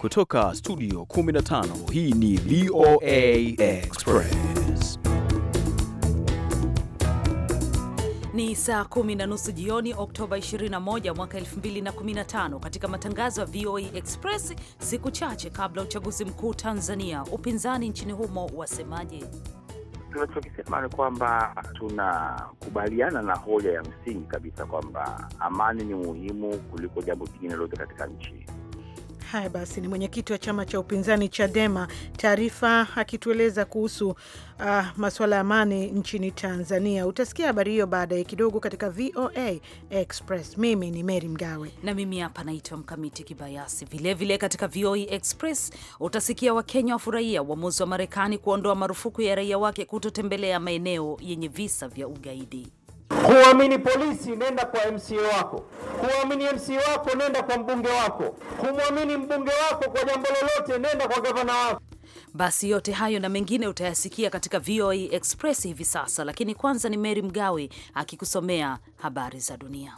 Kutoka studio 15 hii ni VOA Express. Ni saa kumi na nusu jioni, Oktoba 21 mwaka 2015. Katika matangazo ya VOA Express, siku chache kabla ya uchaguzi mkuu Tanzania, upinzani nchini humo wasemaje? Tunachokisema ni kwamba tunakubaliana na hoja ya msingi kabisa kwamba amani ni muhimu kuliko jambo jingine lolote katika nchi. Haya basi, ni mwenyekiti wa chama cha upinzani Chadema, taarifa akitueleza kuhusu uh, ah, masuala ya amani nchini Tanzania. Utasikia habari hiyo baadaye kidogo katika VOA Express. Mimi ni Mary Mgawe na mimi hapa naitwa Mkamiti Kibayasi. Vilevile vile katika VOA Express utasikia Wakenya wafurahia uamuzi wa Marekani kuondoa marufuku ya raia wake kutotembelea maeneo yenye visa vya ugaidi. Huamini polisi, nenda kwa MCA wako. Huamini MCA wako, nenda kwa mbunge wako. Humwamini mbunge wako kwa jambo lolote, nenda kwa gavana wako. Basi yote hayo na mengine utayasikia katika VOA Express hivi sasa, lakini kwanza ni Mary Mgawe akikusomea habari za dunia.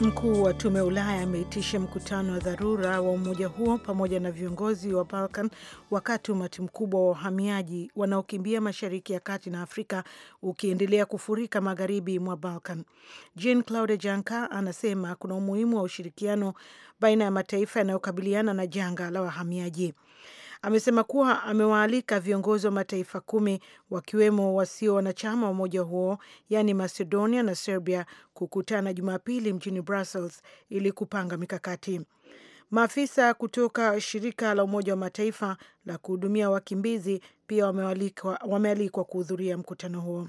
Mkuu wa tume ya Ulaya ameitisha mkutano wa dharura wa umoja huo pamoja na viongozi wa Balkan wakati umati mkubwa wa wahamiaji wanaokimbia mashariki ya kati na Afrika ukiendelea kufurika magharibi mwa Balkan. Jean Claude Juncker anasema kuna umuhimu wa ushirikiano baina ya mataifa yanayokabiliana na janga la wahamiaji amesema kuwa amewaalika viongozi wa mataifa kumi wakiwemo wasio wanachama wa umoja huo yaani Macedonia na Serbia kukutana Jumapili mjini Brussels ili kupanga mikakati. Maafisa kutoka shirika la Umoja wa Mataifa la kuhudumia wakimbizi pia wamealikwa kuhudhuria mkutano huo.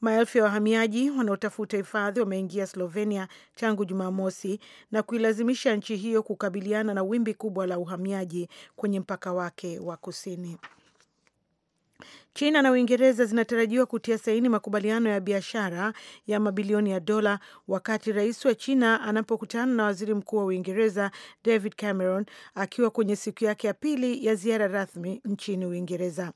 Maelfu ya wahamiaji wanaotafuta hifadhi wameingia Slovenia tangu Jumamosi na kuilazimisha nchi hiyo kukabiliana na wimbi kubwa la uhamiaji kwenye mpaka wake wa kusini. China na Uingereza zinatarajiwa kutia saini makubaliano ya biashara ya mabilioni ya dola wakati rais wa China anapokutana na waziri mkuu wa Uingereza David Cameron akiwa kwenye siku yake ya pili ya ziara rasmi nchini Uingereza.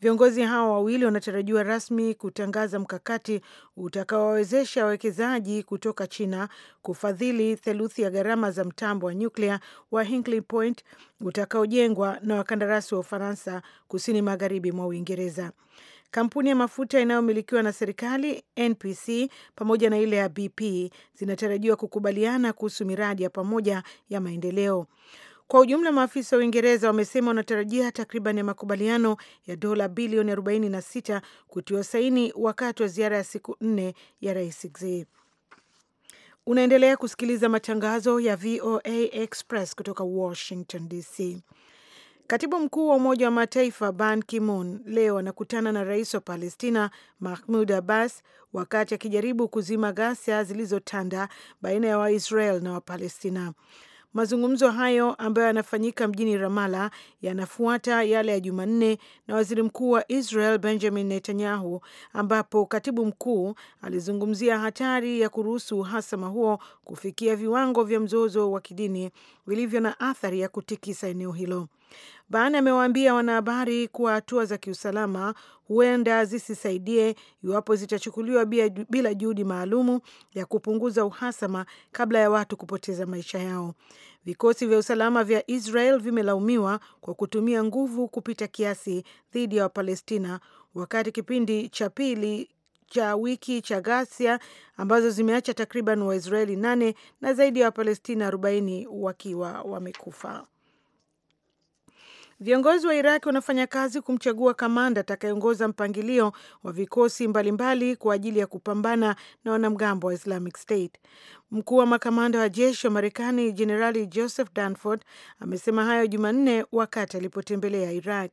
Viongozi hao wawili wanatarajiwa rasmi kutangaza mkakati utakaowawezesha wawekezaji kutoka China kufadhili theluthi ya gharama za mtambo wa nyuklia wa Hinkley Point utakaojengwa na wakandarasi wa Ufaransa kusini magharibi mwa Uingereza. Kampuni ya mafuta inayomilikiwa na serikali NPC pamoja na ile ya BP zinatarajiwa kukubaliana kuhusu miradi ya pamoja ya maendeleo. Kwa ujumla, maafisa wa Uingereza wamesema wanatarajia takriban ya makubaliano ya dola bilioni 46 kutiwa saini wakati wa ziara ya siku nne ya Rais Xi. Unaendelea kusikiliza matangazo ya VOA Express kutoka Washington DC. Katibu mkuu wa Umoja wa Mataifa Ban Ki-moon leo anakutana na rais wa Palestina Mahmud Abbas wakati akijaribu kuzima ghasia zilizotanda baina ya Waisrael na Wapalestina. Mazungumzo hayo ambayo yanafanyika mjini Ramala yanafuata yale ya Jumanne na waziri mkuu wa Israel Benjamin Netanyahu, ambapo katibu mkuu alizungumzia hatari ya kuruhusu uhasama huo kufikia viwango vya mzozo wa kidini vilivyo na athari ya kutikisa eneo hilo. Ban amewaambia wanahabari kuwa hatua za kiusalama huenda zisisaidie iwapo zitachukuliwa bila juhudi maalumu ya kupunguza uhasama kabla ya watu kupoteza maisha yao. Vikosi vya usalama vya Israel vimelaumiwa kwa kutumia nguvu kupita kiasi dhidi ya Wapalestina wakati kipindi cha pili cha wiki cha ghasia ambazo zimeacha takriban Waisraeli nane na zaidi ya Wapalestina 40 wakiwa wamekufa. Viongozi wa Iraq wanafanya kazi kumchagua kamanda atakayeongoza mpangilio wa vikosi mbalimbali mbali kwa ajili ya kupambana na wanamgambo wa Islamic State. Mkuu wa makamanda wa jeshi wa Marekani Jenerali Joseph Dunford amesema hayo Jumanne wakati alipotembelea Iraq.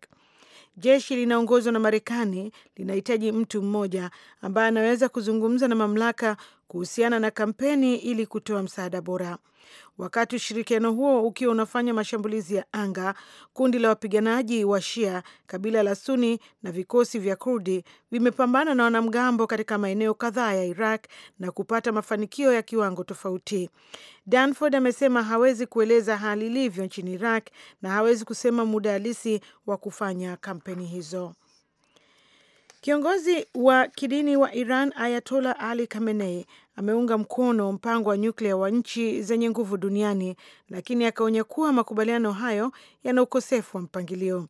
Jeshi linaongozwa na Marekani linahitaji mtu mmoja ambaye anaweza kuzungumza na mamlaka kuhusiana na kampeni ili kutoa msaada bora. Wakati ushirikiano huo ukiwa unafanya mashambulizi ya anga, kundi la wapiganaji wa Shia, kabila la Suni na vikosi vya Kurdi vimepambana na wanamgambo katika maeneo kadhaa ya Iraq na kupata mafanikio ya kiwango tofauti. Danford amesema hawezi kueleza hali ilivyo nchini Iraq na hawezi kusema muda halisi wa kufanya kampeni hizo. Kiongozi wa kidini wa Iran Ayatola Ali Khamenei ameunga mkono mpango wa nyuklia wa nchi zenye nguvu duniani, lakini akaonya kuwa makubaliano hayo yana ukosefu wa mpangilio.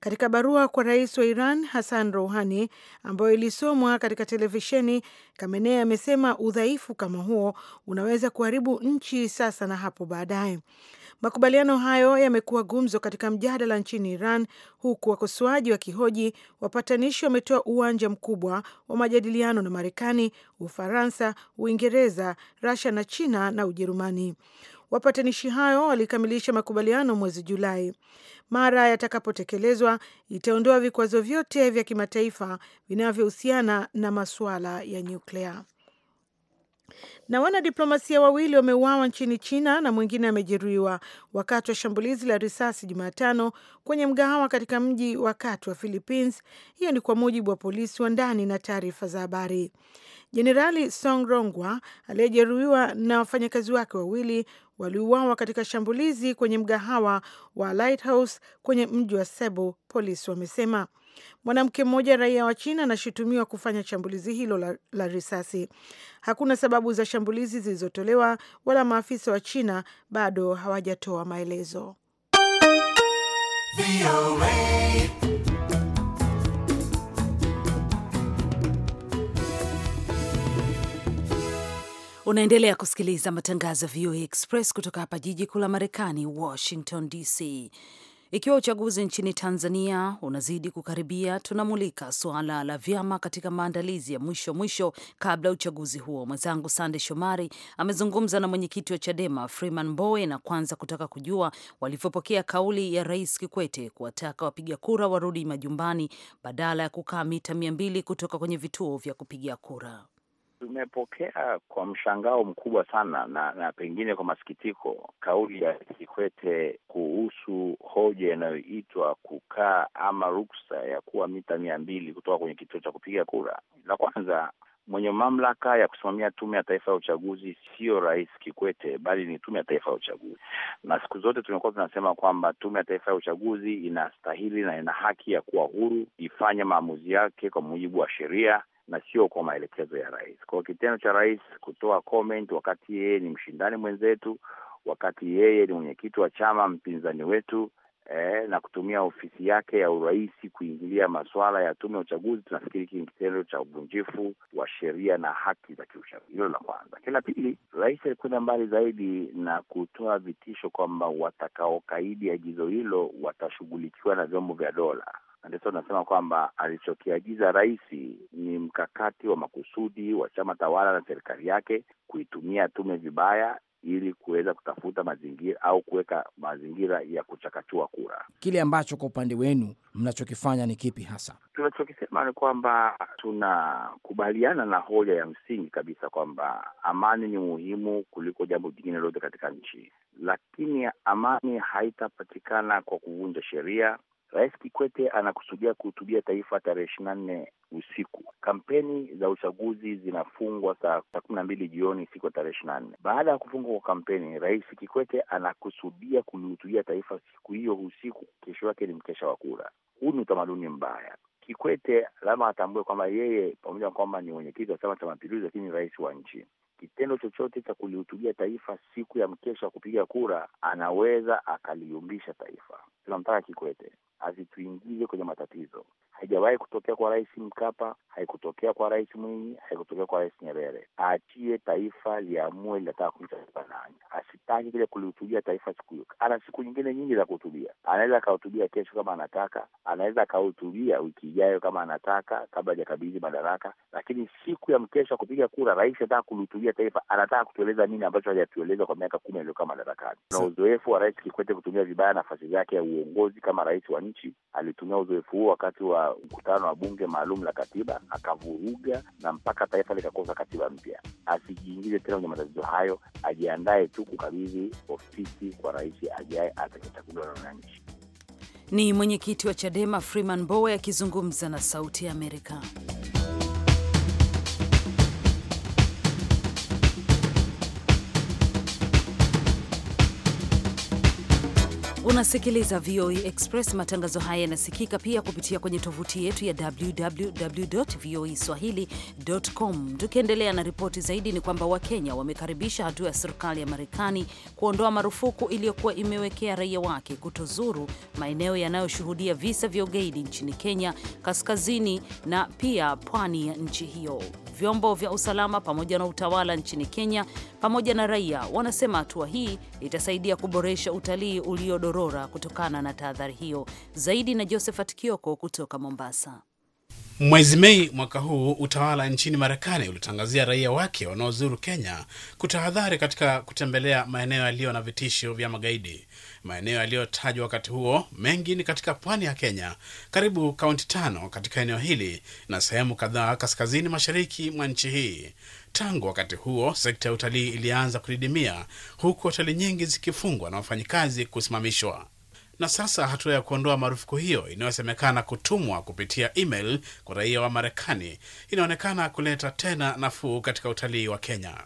Katika barua kwa rais wa Iran Hassan Rouhani ambayo ilisomwa katika televisheni, kamenei amesema udhaifu kama huo unaweza kuharibu nchi sasa na hapo baadaye. Makubaliano hayo yamekuwa gumzo katika mjadala nchini Iran, huku wakosoaji wa kihoji wapatanishi wametoa uwanja mkubwa wa majadiliano na Marekani, Ufaransa, Uingereza, rasia na China na Ujerumani. Wapatanishi hayo walikamilisha makubaliano mwezi Julai. Mara yatakapotekelezwa, itaondoa vikwazo vyote vya kimataifa vinavyohusiana na masuala ya nyuklea. Na wanadiplomasia wawili wameuawa nchini China na mwingine amejeruhiwa wakati wa shambulizi la risasi Jumatano kwenye mgahawa katika mji wa kati wa Philippines. Hiyo ni kwa mujibu wa polisi wa ndani na taarifa za habari. Jenerali Song Rongwa aliyejeruhiwa na wafanyakazi wake wawili waliuawa katika shambulizi kwenye mgahawa wa Lighthouse kwenye mji wa Cebu, polisi wamesema. Mwanamke mmoja raia wa China anashutumiwa kufanya shambulizi hilo la, la risasi. Hakuna sababu za shambulizi zilizotolewa wala maafisa wa China bado hawajatoa maelezo. Unaendelea kusikiliza matangazo ya VOA Express kutoka hapa jiji kuu la Marekani, Washington DC. Ikiwa uchaguzi nchini Tanzania unazidi kukaribia, tunamulika suala la vyama katika maandalizi ya mwisho mwisho kabla ya uchaguzi huo. Mwenzangu Sande Shomari amezungumza na mwenyekiti wa CHADEMA Freeman Mbowe na kwanza kutaka kujua walivyopokea kauli ya Rais Kikwete kuwataka wapiga kura warudi majumbani badala ya kukaa mita mia mbili kutoka kwenye vituo vya kupiga kura. Tumepokea kwa mshangao mkubwa sana na, na pengine kwa masikitiko kauli ya Kikwete kuhusu hoja inayoitwa kukaa ama ruksa ya kuwa mita mia mbili kutoka kwenye kituo cha kupiga kura. La kwanza, mwenye mamlaka ya kusimamia Tume ya Taifa ya Uchaguzi sio Rais Kikwete, bali ni Tume ya Taifa ya Uchaguzi, na siku zote tumekuwa tunasema kwamba Tume ya Taifa ya Uchaguzi inastahili na ina haki ya kuwa huru, ifanye maamuzi yake kwa mujibu wa sheria na sio kwa maelekezo ya rais. Kwa kitendo cha rais kutoa comment wakati yeye ni mshindani mwenzetu, wakati yeye ni mwenyekiti wa chama mpinzani wetu eh, na kutumia ofisi yake ya urais kuingilia masuala ya tume ya uchaguzi, tunafikiri hiki ni kitendo cha uvunjifu wa sheria na haki za kiuchaguzi. Hilo la kwanza. Kila pili, rais alikwenda mbali zaidi na kutoa vitisho kwamba watakaokaidi agizo hilo watashughulikiwa na vyombo vya dola. Anderson anasema kwamba alichokiagiza rais ni mkakati wa makusudi wa chama tawala na serikali yake kuitumia tume vibaya ili kuweza kutafuta mazingira au kuweka mazingira ya kuchakachua kura. Kile ambacho kwa upande wenu mnachokifanya ni kipi hasa? Tunachokisema ni kwamba tunakubaliana na hoja ya msingi kabisa kwamba amani ni muhimu kuliko jambo jingine lolote katika nchi, lakini amani haitapatikana kwa kuvunja sheria Rais Kikwete anakusudia kuhutubia taifa tarehe ishirini na nne usiku. Kampeni za uchaguzi zinafungwa saa kumi na mbili jioni siku ya tarehe ishirini na nne. Baada ya kufungwa kwa kampeni, Rais Kikwete anakusudia kulihutubia taifa siku hiyo usiku. Kesho yake ni mkesha wa kura. Huu ni utamaduni mbaya. Kikwete lazima atambue kwamba yeye pamoja na kwamba ni mwenyekiti wa Chama cha Mapinduzi, lakini ni rais wa nchi. Kitendo chochote cha kulihutubia taifa siku ya mkesha wa kupiga kura, anaweza akaliumbisha taifa. Tunamtaka Kikwete hazituingize kwenye matatizo haijawahi kutokea kwa Rais Mkapa, haikutokea kwa Rais Mwinyi, haikutokea kwa Rais Nyerere. Aachie taifa liamue linataka kumchagua nani, asitaki kile kulihutubia taifa siku hiyo. Ana siku nyingine nyingi za kuhutubia, anaweza akahutubia kesho kama anataka, anaweza akahutubia wiki ijayo kama anataka, kabla hajakabidhi madaraka. Lakini siku ya mkesho wa kupiga kura, rais anataka kulihutubia taifa, anataka kutueleza nini ambacho hajatueleza kwa miaka kumi aliyokaa madarakani. Na uzoefu wa Rais Kikwete kutumia vibaya nafasi zake ya uongozi kama rais wa nchi, alitumia uzoefu huo wakati wa mkutano wa bunge maalum la katiba akavuruga, na mpaka taifa likakosa katiba mpya. Asijiingize tena kwenye matatizo hayo, ajiandaye tu kukabidhi ofisi kwa rais ajaye atakayechaguliwa na wananchi. Ni mwenyekiti wa Chadema Freeman Mbowe akizungumza na Sauti ya Amerika. Unasikiliza VOA e Express. Matangazo haya yanasikika pia kupitia kwenye tovuti yetu ya www voa e swahili.com. Tukiendelea na ripoti zaidi, ni kwamba Wakenya wamekaribisha hatua ya serikali ya Marekani kuondoa marufuku iliyokuwa imewekea raia wake kutozuru maeneo yanayoshuhudia visa vya ugaidi nchini Kenya, kaskazini na pia pwani ya nchi hiyo. Vyombo vya usalama pamoja na utawala nchini Kenya pamoja na raia wanasema hatua hii itasaidia kuboresha utalii ulio kudorora kutokana na tahadhari hiyo. Zaidi na Josephat Kioko kutoka Mombasa. Mwezi Mei mwaka huu utawala nchini Marekani ulitangazia raia wake wanaozuru Kenya kutahadhari katika kutembelea maeneo yaliyo na vitisho vya magaidi. Maeneo yaliyotajwa wakati huo mengi ni katika pwani ya Kenya, karibu kaunti tano katika eneo hili na sehemu kadhaa kaskazini mashariki mwa nchi hii. Tangu wakati huo sekta ya utalii ilianza kudidimia, huku hoteli nyingi zikifungwa na wafanyikazi kusimamishwa. Na sasa hatua ya kuondoa marufuku hiyo inayosemekana kutumwa kupitia email kwa raia wa Marekani inaonekana kuleta tena nafuu katika utalii wa Kenya.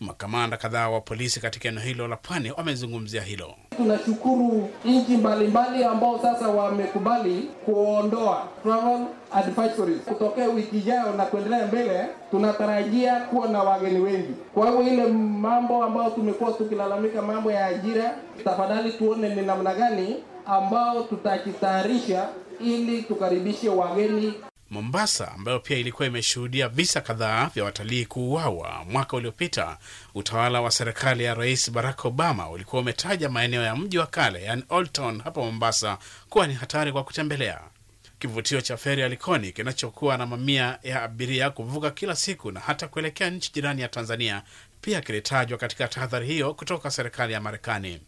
Makamanda kadhaa wa polisi katika eneo hilo la pwani wamezungumzia hilo. Tunashukuru nchi mbalimbali ambao sasa wamekubali kuondoa travel kutokea wiki ijayo na kuendelea mbele. Tunatarajia kuwa na wageni wengi, kwa hivyo ile mambo ambayo tumekuwa tukilalamika, mambo ya ajira, tafadhali tuone ni namna gani ambao tutajitayarisha ili tukaribishe wageni Mombasa ambayo pia ilikuwa imeshuhudia visa kadhaa vya watalii kuuawa mwaka uliopita, utawala wa serikali ya Rais Barack Obama ulikuwa umetaja maeneo ya mji wa kale, yani Old Town Mombasa, kuwa ni hatari kwa kutembelea. Kivutio cha feri ya Likoni kinachokuwa na mamia ya abiria kuvuka kila siku na hata kuelekea nchi jirani ya Tanzania pia kilitajwa katika tahadhari hiyo kutoka serikali ya Marekani.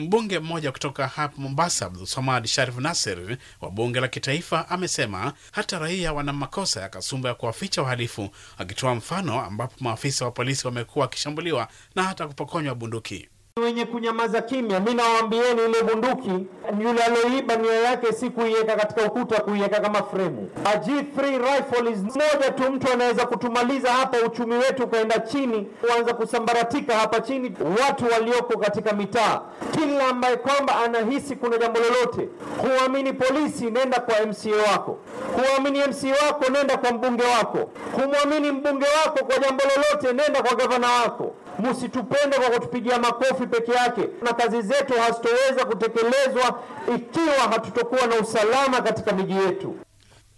Mbunge mmoja kutoka hapa Mombasa, Abdulsamad Sharif Nasir wa bunge la kitaifa, amesema hata raia wana makosa ya kasumba ya kuwaficha wahalifu, akitoa mfano ambapo maafisa wa polisi wamekuwa wakishambuliwa na hata kupokonywa bunduki wenye kunyamaza kimya, mi nawaambieni, ile bunduki yule aloiba nia yake si kuiweka katika ukuta, kuiweka kama fremu. A G3 rifle is moja tu, mtu anaweza kutumaliza hapa, uchumi wetu ukaenda chini, kuanza kusambaratika hapa chini, watu walioko katika mitaa. Kila ambaye kwamba anahisi kuna jambo lolote, huamini polisi, nenda kwa MCA wako, huamini MCA wako, nenda kwa mbunge wako, humwamini mbunge wako kwa jambo lolote, nenda kwa gavana wako msitupende kwa kutupigia makofi peke yake, na kazi zetu hazitoweza kutekelezwa ikiwa hatutokuwa na usalama katika miji yetu.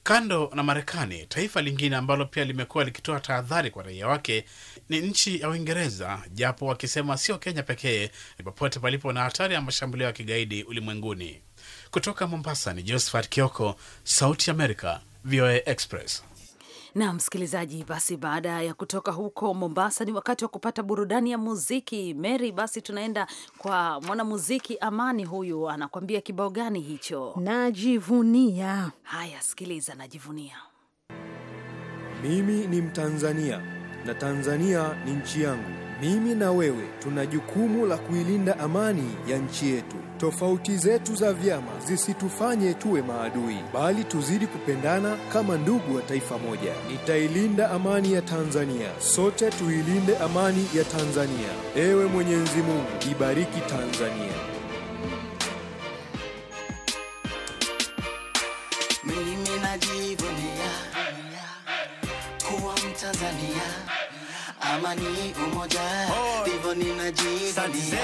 Kando na Marekani, taifa lingine ambalo pia limekuwa likitoa tahadhari kwa raia wake ni nchi ya Uingereza, japo wakisema sio Kenya pekee, popote palipo na hatari ya mashambulio ya kigaidi ulimwenguni. Kutoka Mombasa ni Josephat Kioko, Sauti America, VOA Express. Na msikilizaji, basi baada ya kutoka huko Mombasa ni wakati wa kupata burudani ya muziki. Mary, basi tunaenda kwa mwanamuziki Amani, huyu anakuambia kibao gani hicho? Najivunia. Haya, sikiliza, najivunia. Mimi ni Mtanzania na Tanzania ni nchi yangu. Mimi na wewe tuna jukumu la kuilinda amani ya nchi yetu. Tofauti zetu za vyama zisitufanye tuwe maadui, bali tuzidi kupendana kama ndugu wa taifa moja. Nitailinda amani ya Tanzania, sote tuilinde amani ya Tanzania. Ewe Mwenyezi Mungu, ibariki Tanzania. amani umoja ndivyo ninajivunia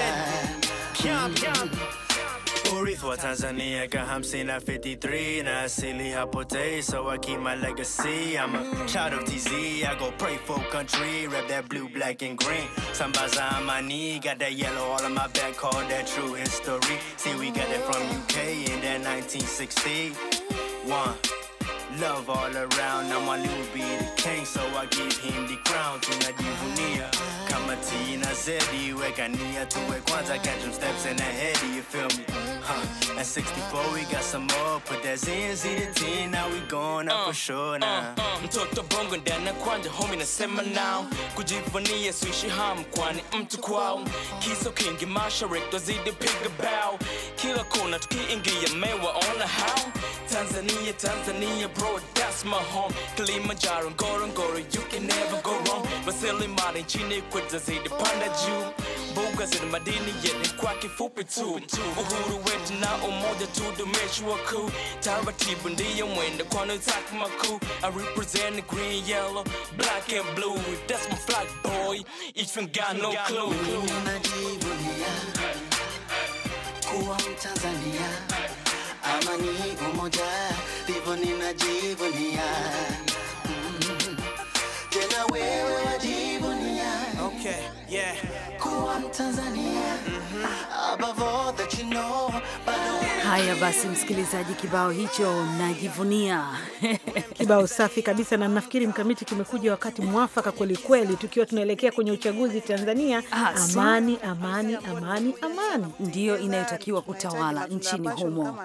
urithi wa Tanzania ka 50 na 53 na asili hapotei so I keep my legacy I'm a child of TZ I go pray for country rap that blue black and green Sambaza on my knee got that yellow all on my back call that true history see we got it from UK in that 1960 one Love all around, I'm a little bit king, so I give him the crown. Tunajivunia kama Tina Zedi, weka nia tuwe kwanza, catch them steps in the head, you feel me? Huh. At 64 we got some more, put that ZNZ to 10, now we going out uh, for sure now. Uh, uh. Mtoto bongo ndana kwanja, homie nasema now, kujivunia suishi ham kwani mtu mm, kwao, kiso kingi mashariki twazidi piga bow, kila kona tukiingia mewaona how Tanzania, Tanzania bro road, that's my home. Kilimanjaro, Ngorongoro, you can never go wrong. Wasili mali nchini kwetu zaidi, panda juu. Mbuga zina madini yenye kwake fupi tu. Uhuru wetu na umoja tudumishe wakuu. Taratibu ndiyo mwendo kwani utaki makuu. I represent the green, yellow, black and blue. That's my flag boy. If you got no clue. Kuwa Mtanzania amani umoja ndivyo ninajivunia mm. tena wewe wajivunia okay, yeah. kuwa mtanzania mm -hmm. above all that you know, Haya basi, msikilizaji, kibao hicho najivunia. Kibao safi kabisa, na nafikiri mkamiti, kimekuja wakati mwafaka kweli kweli, tukiwa tunaelekea kwenye uchaguzi Tanzania. Ah, amani, amani, amani, amani ndiyo inayotakiwa kutawala nchini humo.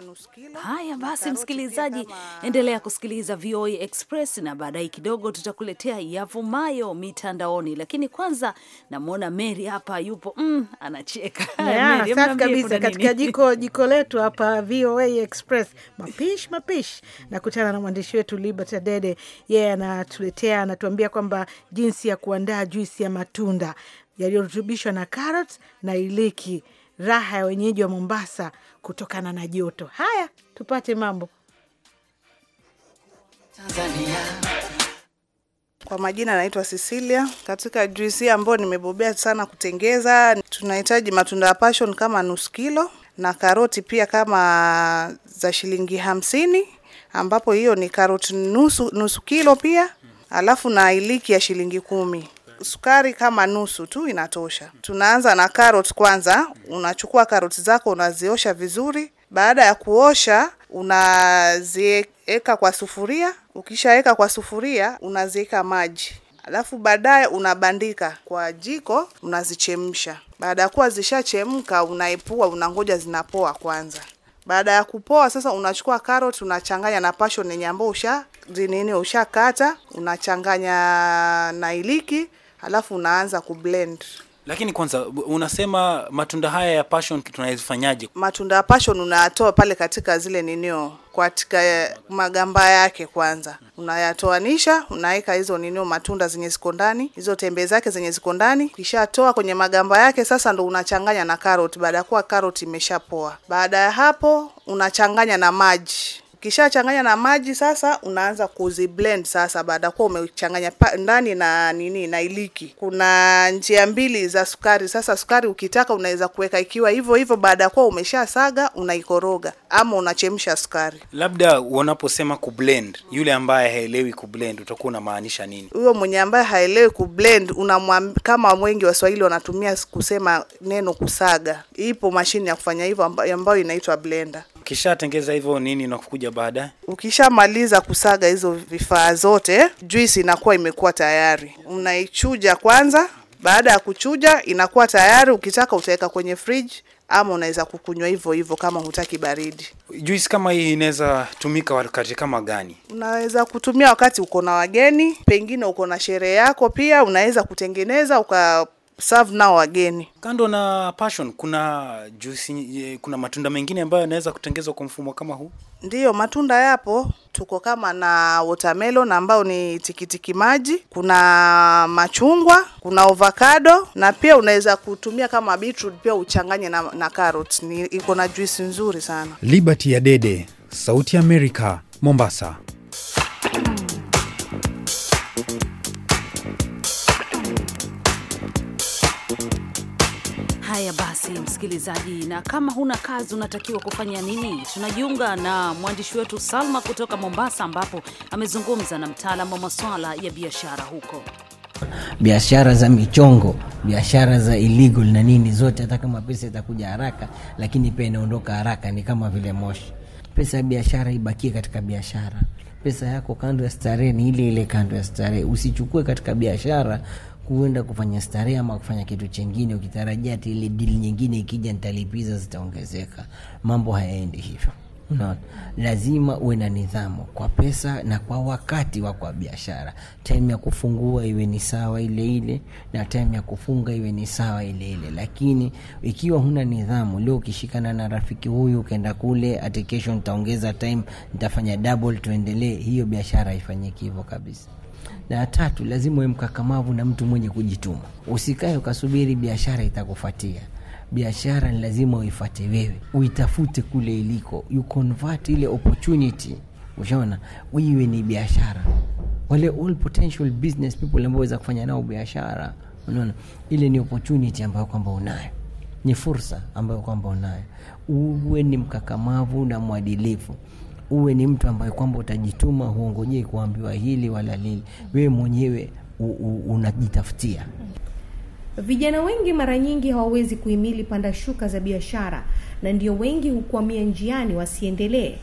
Haya basi, msikilizaji, endelea kusikiliza VOA Express na baadaye kidogo tutakuletea yavumayo mitandaoni, lakini kwanza namwona Mary hapa yupo, mm, anacheka. Yeah, Mary, safi kabisa katika jiko, jiko letu hapa VOA Express mapishi mapish, Nakutana na mwandishi wetu Liberty Dede, yeye yeah, anatuletea anatuambia kwamba jinsi ya kuandaa juisi ya matunda yaliyorutubishwa na karoti na iliki, raha ya wenyeji wa Mombasa kutokana na joto. Haya, tupate mambo Tanzania. Kwa majina naitwa Cecilia. Katika juisi ambayo nimebobea sana kutengeza, tunahitaji matunda ya passion kama nusu kilo na karoti pia kama za shilingi hamsini, ambapo hiyo ni karoti nusu, nusu kilo pia, alafu na iliki ya shilingi kumi sukari kama nusu tu inatosha. Tunaanza na karoti kwanza. Unachukua karoti zako unaziosha vizuri. Baada ya kuosha, unazieka kwa sufuria. Ukishaweka kwa sufuria, unaziweka maji, alafu baadaye unabandika kwa jiko, unazichemsha. Baada ya kuwa zishachemka, unaepua, unangoja zinapoa kwanza. Baada ya kupoa sasa, unachukua carrot unachanganya na passion yenye ambayo usha nini ushakata, unachanganya na iliki, halafu unaanza kublend. Lakini kwanza unasema matunda haya ya passion tunazifanyaje? Matunda ya passion unayatoa pale katika zile ninio, katika magamba yake kwanza unayatoanisha, unaweka hizo ninio matunda zenye ziko ndani, hizo tembe zake zenye ziko ndani. Ukishatoa kwenye magamba yake, sasa ndo unachanganya na karoti, baada ya kuwa karoti imeshapoa. Baada ya hapo, unachanganya na maji changanya na maji sasa unaanza blend sasa baada kwa umechanganya ndani na nini na iliki. Kuna njia mbili za sukari. Sasa sukari ukitaka unaweza kuweka ikiwa hivyo hivyo baada kwa umeshasaga unaikoroga ama unachemsha sukari. Labda unaposema kublend, yule ambaye haelewi kublend utakuwa unamaanisha nini? Huyo mwenye ambaye haelewi kublend unamwambia, kama wengi Waswahili wanatumia kusema neno kusaga. Ipo mashine ya kufanya hivyo ambayo inaitwa blender. Ukishatengeza hivyo nini nakukuja baadaye? Ukishamaliza kusaga hizo vifaa zote, juisi inakuwa imekuwa tayari. Unaichuja kwanza, baada ya kuchuja inakuwa tayari. Ukitaka utaweka kwenye fridge ama unaweza kukunywa hivyo hivyo kama hutaki baridi. Juisi kama hii inaweza tumika wakati kama gani? Unaweza kutumia wakati uko na wageni, pengine uko na sherehe yako, pia unaweza kutengeneza uka serve nao wageni. Kando na passion, kuna juisi, eh, kuna matunda mengine ambayo yanaweza kutengezwa kwa mfumo kama huu? Ndiyo, matunda yapo. Tuko kama na watermelon ambao ni tikitiki maji, kuna machungwa, kuna avocado na pia unaweza kutumia kama beetroot, pia uchanganye na, na carrot. Ni iko na juisi nzuri sana. Liberty ya Dede, Sauti ya Amerika, Mombasa. basi, msikilizaji, na kama huna kazi unatakiwa kufanya nini? Tunajiunga na mwandishi wetu Salma kutoka Mombasa, ambapo amezungumza na mtaalamu wa masuala ya biashara huko biashara za michongo, biashara za illegal na nini zote. Hata kama pesa itakuja haraka, lakini pia inaondoka haraka, ni kama vile moshi. Pesa ya biashara ibakie katika biashara. Pesa yako kando ya starehe ni ile ile kando ya starehe, usichukue katika biashara kuenda kufanya starehe ama kufanya kitu chengine, ukitarajia ati ile dili nyingine ikija nitalipiza zitaongezeka. Mambo hayaendi hivyo. No, lazima uwe na nidhamu kwa pesa na kwa wakati wa kwa biashara. Time ya kufungua iwe ni sawa ile ile na time ya kufunga iwe ni sawa ile ile, lakini ikiwa huna nidhamu, leo ukishikana na rafiki huyu ukaenda kule, ati kesho nitaongeza time, nitafanya double, tuendelee, hiyo biashara haifanyiki hivyo kabisa na ya tatu, lazima uwe mkakamavu na mtu mwenye kujituma. Usikae ukasubiri biashara itakufuatia. Biashara ni lazima uifate wewe, uitafute kule iliko, you ile opportunity, ushaona, iwe ni biashara. Wale all potential business people ambao kufanya nao biashara, unaona, ile ni opportunity ambayo kwamba unayo ni fursa ambayo kwamba unayo. Uwe ni mkakamavu na mwadilifu uwe ni mtu ambaye kwamba utajituma, huongojei kuambiwa hili wala lili wewe mwenyewe unajitafutia. Vijana wengi mara nyingi hawawezi kuhimili panda shuka za biashara, na ndio wengi hukwamia njiani wasiendelee.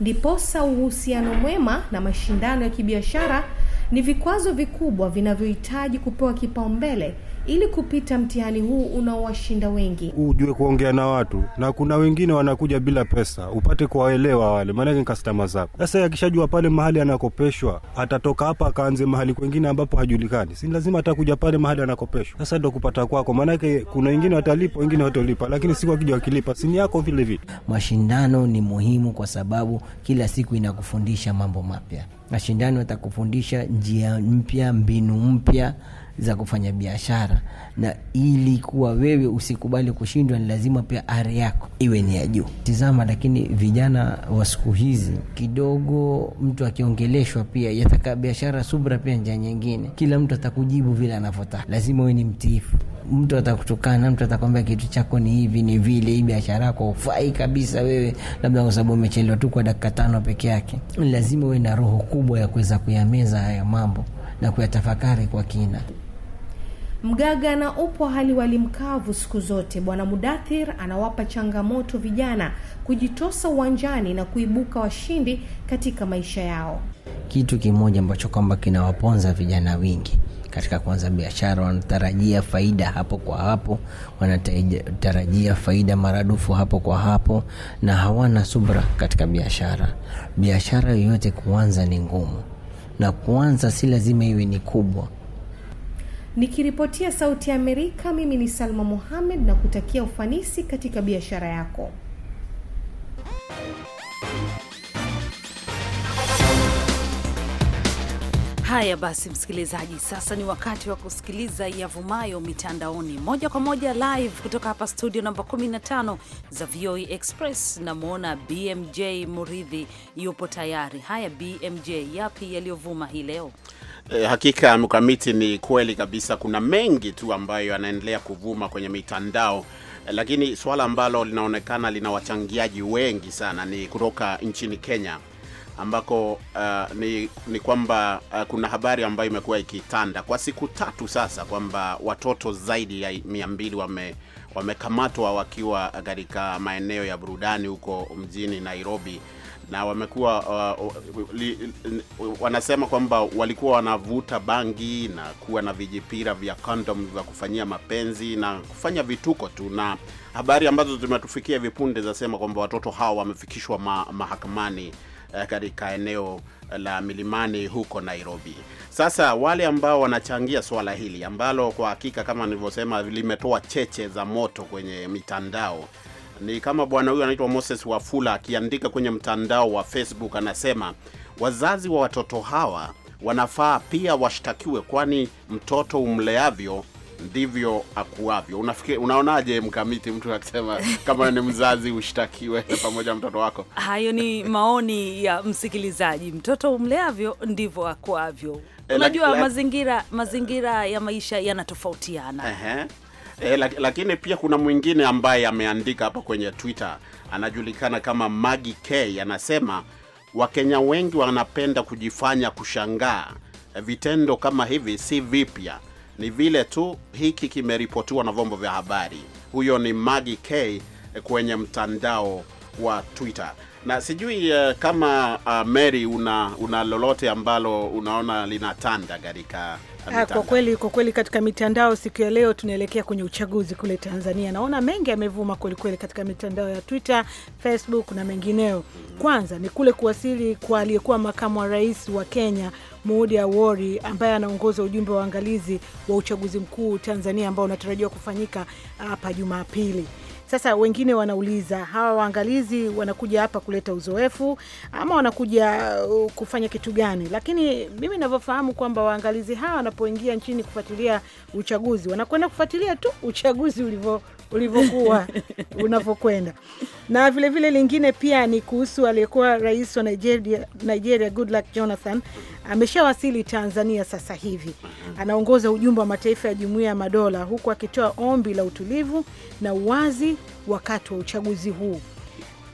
Ndiposa uhusiano mwema na mashindano ya kibiashara ni vikwazo vikubwa vinavyohitaji kupewa kipaumbele ili kupita mtihani huu unaowashinda wengi, ujue kuongea na watu, na kuna wengine wanakuja bila pesa, upate kuwaelewa wale, maanake ni kastama zako. Sasa akishajua pale mahali anakopeshwa, atatoka hapa akaanze mahali kwengine ambapo hajulikani, si lazima atakuja pale mahali anakopeshwa. Sasa ndo kupata kwako, maanake kuna wengine watalipa, wengine watolipa, lakini siku akija wakilipa sini yako vile vile. Mashindano ni muhimu kwa sababu kila siku inakufundisha mambo mapya. Mashindano atakufundisha njia mpya, mbinu mpya za kufanya biashara, na ili kuwa wewe usikubali kushindwa, ni lazima pia ari yako iwe ni ya juu. Tizama, lakini vijana wa siku hizi kidogo, mtu akiongeleshwa pia yataka biashara, subra pia njia nyingine. Kila mtu atakujibu vile anavyotaka, lazima uwe ni mtiifu. Mtu atakutukana, mtu atakwambia kitu chako ni hivi ni vile, hii biashara yako ufai kabisa wewe, labda kwa sababu umechelewa tu kwa dakika tano peke yake. Lazima uwe na roho kubwa ya kuweza kuyameza haya mambo na kuyatafakari kwa kina. Mgaga na upwa hali walimkavu siku zote. Bwana Mudathir anawapa changamoto vijana kujitosa uwanjani na kuibuka washindi katika maisha yao. Kitu kimoja ambacho kwamba kinawaponza vijana wingi katika kuanza biashara, wanatarajia faida hapo kwa hapo, wanatarajia faida maradufu hapo kwa hapo, na hawana subra katika biashara. Biashara yoyote kuanza ni ngumu, na kuanza si lazima iwe ni kubwa nikiripotia sauti ya Amerika, mimi ni Salma muhammed na kutakia ufanisi katika biashara yako. Haya basi, msikilizaji, sasa ni wakati wa kusikiliza yavumayo mitandaoni moja kwa moja live kutoka hapa studio namba 15 za VOA e Express. Namwona BMJ Muridhi yupo tayari. Haya BMJ, yapi yaliyovuma hii leo? E, hakika mkamiti, ni kweli kabisa, kuna mengi tu ambayo yanaendelea kuvuma kwenye mitandao eh, lakini suala ambalo linaonekana lina wachangiaji wengi sana ni kutoka nchini Kenya ambako uh, ni, ni kwamba uh, kuna habari ambayo imekuwa ikitanda kwa siku tatu sasa kwamba watoto zaidi ya mia mbili wame wamekamatwa wakiwa katika maeneo ya burudani huko mjini Nairobi na wamekuwa uh, uh wanasema kwamba walikuwa wanavuta bangi na kuwa na vijipira vya kondom za kufanyia mapenzi na kufanya vituko tu, na habari ambazo zimetufikia vipunde punde zinasema kwamba watoto hao wamefikishwa ma, mahakamani eh, katika eneo la milimani huko Nairobi. Sasa wale ambao wanachangia swala hili ambalo kwa hakika kama nilivyosema limetoa cheche za moto kwenye mitandao ni kama bwana huyu anaitwa Moses Wafula akiandika kwenye mtandao wa Facebook, anasema wazazi wa watoto hawa wanafaa pia washtakiwe, kwani mtoto umleavyo ndivyo akuavyo. Unafikiri, unaonaje mkamiti, mtu akisema kama ni mzazi ushtakiwe pamoja na mtoto wako? Hayo ni maoni ya msikilizaji. Mtoto umleavyo ndivyo akuavyo. Eh, Unajua mazingira mazingira ya maisha yanatofautiana. E, lakini pia kuna mwingine ambaye ameandika hapa kwenye Twitter, anajulikana kama Magi K, anasema Wakenya wengi wanapenda kujifanya kushangaa. Vitendo kama hivi si vipya, ni vile tu hiki kimeripotiwa na vyombo vya habari. Huyo ni Magi K eh, kwenye mtandao wa Twitter. Na sijui uh, kama uh, Mary una, una lolote ambalo unaona linatanda katika Ha, ah, kwa kweli kwa kweli katika mitandao siku ya leo tunaelekea kwenye uchaguzi kule Tanzania. Naona mengi yamevuma kwelikweli katika mitandao ya Twitter, Facebook na mengineo. Mhm. Kwanza ni kule kuwasili kwa aliyekuwa makamu wa rais wa Kenya Mudi Awori ambaye anaongoza ujumbe wa waangalizi wa uchaguzi mkuu Tanzania ambao unatarajiwa kufanyika hapa Jumapili. Sasa wengine wanauliza hawa waangalizi wanakuja hapa kuleta uzoefu ama wanakuja uh, kufanya kitu gani? Lakini mimi navyofahamu kwamba waangalizi hawa wanapoingia nchini kufuatilia uchaguzi wanakwenda kufuatilia tu uchaguzi ulivyo ulivyokuwa unavyokwenda. Na vilevile vile lingine pia ni kuhusu aliyekuwa rais wa Nigeria, Nigeria Goodluck Jonathan ameshawasili Tanzania sasa hivi, mhm. anaongoza ujumbe wa mataifa ya Jumuiya ya Madola, huku akitoa ombi la utulivu na uwazi wakati wa uchaguzi huu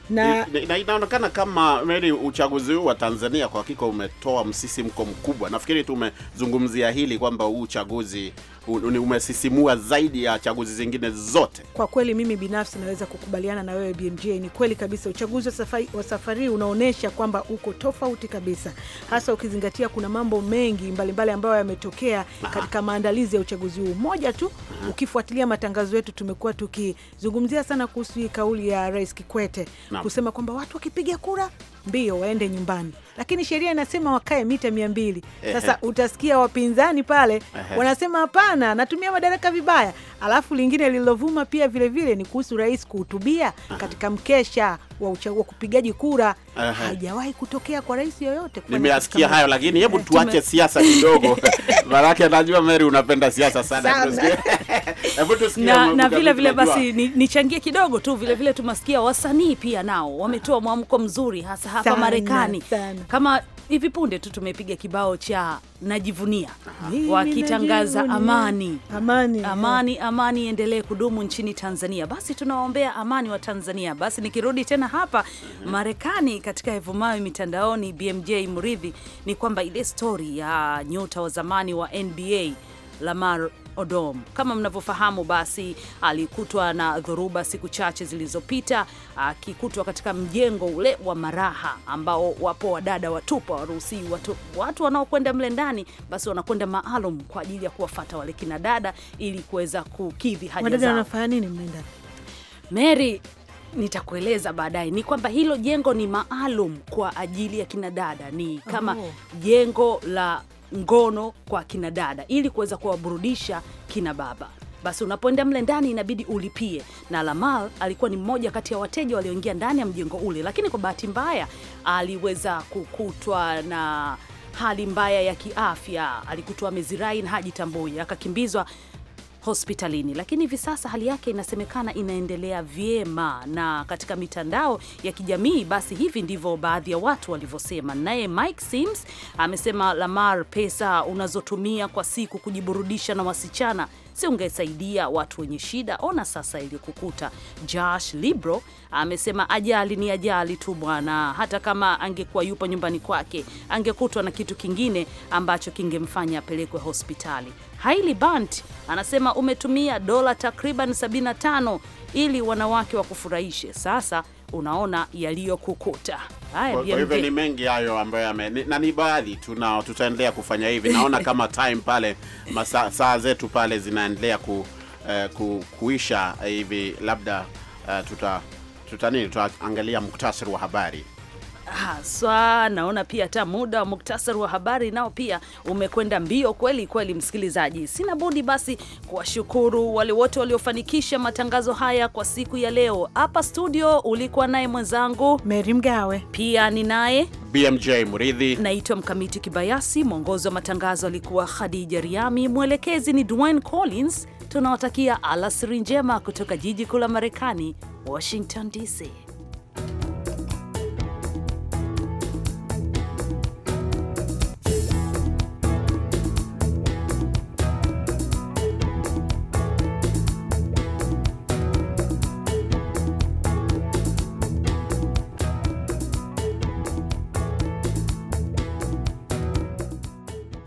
na, na inaonekana kama Mary, uchaguzi huu wa Tanzania kwa hakika umetoa msisimko mkubwa. Nafikiri tumezungumzia hili kwamba huu uchaguzi umesisimua zaidi ya chaguzi zingine zote. Kwa kweli, mimi binafsi naweza kukubaliana na wewe BMJ. Ni kweli kabisa, uchaguzi wa safari, wa safari unaonyesha kwamba uko tofauti kabisa, hasa ukizingatia kuna mambo mengi mbalimbali mbali ambayo yametokea katika maandalizi ya uchaguzi huu. Moja tu, ukifuatilia matangazo yetu, tumekuwa tukizungumzia sana kuhusu hii kauli ya Rais Kikwete na kusema kwamba watu wakipiga kura mbio waende nyumbani, lakini sheria inasema wakae mita mia mbili. Sasa utasikia wapinzani pale wanasema hapana, natumia madaraka vibaya. Alafu lingine lililovuma pia vilevile vile ni kuhusu rais kuhutubia katika mkesha wa, uchaguzi wa kupigaji kura haijawahi kutokea kwa rais yoyote. Nimeyasikia hayo, lakini hebu eh, tuache siasa kidogo, maanake najua Mary unapenda siasa sana na, na vile vile basi nichangie ni kidogo tu vile vile tumasikia wasanii pia nao wametoa mwamko mzuri hasa hapa Marekani kama Hivi punde tu tumepiga kibao cha najivunia wakitangaza amani, amani, amani, amani endelee kudumu nchini Tanzania. Basi tunawaombea amani wa Tanzania. Basi nikirudi tena hapa mhm. Marekani, katika hevumayo mitandaoni, BMJ Mridhi, ni kwamba ile stori ya nyota wa zamani wa NBA Lamar Odom. Kama mnavyofahamu, basi alikutwa na dhoruba siku chache zilizopita, akikutwa katika mjengo ule wa Maraha ambao wapo wadada watupa waruhusi watu, watu wanaokwenda mle ndani, basi wanakwenda maalum kwa ajili ya kuwafata wale kina dada ili kuweza kukidhi haja zao. Wanafanya nini mle ndani? Mary nitakueleza baadaye. Ni kwamba hilo jengo ni maalum kwa ajili ya kinadada, ni kama oh, jengo la ngono kwa kina dada ili kuweza kuwaburudisha kina baba. Basi unapoenda mle ndani inabidi ulipie, na Lamal alikuwa ni mmoja kati ya wateja walioingia ndani ya mjengo ule, lakini kwa bahati mbaya aliweza kukutwa na hali mbaya ya kiafya, alikutwa mezirai na hajitambui, akakimbizwa hospitalini, lakini hivi sasa hali yake inasemekana inaendelea vyema, na katika mitandao ya kijamii basi hivi ndivyo baadhi ya watu walivyosema. Naye Mike Sims amesema, Lamar, pesa unazotumia kwa siku kujiburudisha na wasichana si ungesaidia watu wenye shida? Ona sasa ilikukuta. Josh Libro amesema ajali ni ajali tu bwana, hata kama angekuwa yupo nyumbani kwake angekutwa na kitu kingine ambacho kingemfanya apelekwe hospitali. haili Bant anasema umetumia dola takriban 75 ili wanawake wakufurahishe. Sasa unaona yaliyokukuta. kwa hivyo ni mengi hayo ambayo na ni baadhi tu, na tutaendelea kufanya hivi. Naona kama time pale masa, saa zetu pale zinaendelea ku, eh, ku, kuisha hivi, labda eh, tuta, tuta, tutaangalia muktasari wa habari haswa. Naona pia hata muda wa muktasari wa habari nao pia umekwenda mbio kweli kweli, msikilizaji. Sina budi basi kuwashukuru wale wote waliofanikisha matangazo haya kwa siku ya leo. Hapa studio ulikuwa naye mwenzangu Meri Mgawe, pia ni naye BMJ Muridhi, naitwa Mkamiti Kibayasi. Mwongozi wa matangazo alikuwa Khadija Riami, mwelekezi ni Dwayne Collins. Tunawatakia alasiri njema kutoka jiji kuu la Marekani, Washington DC.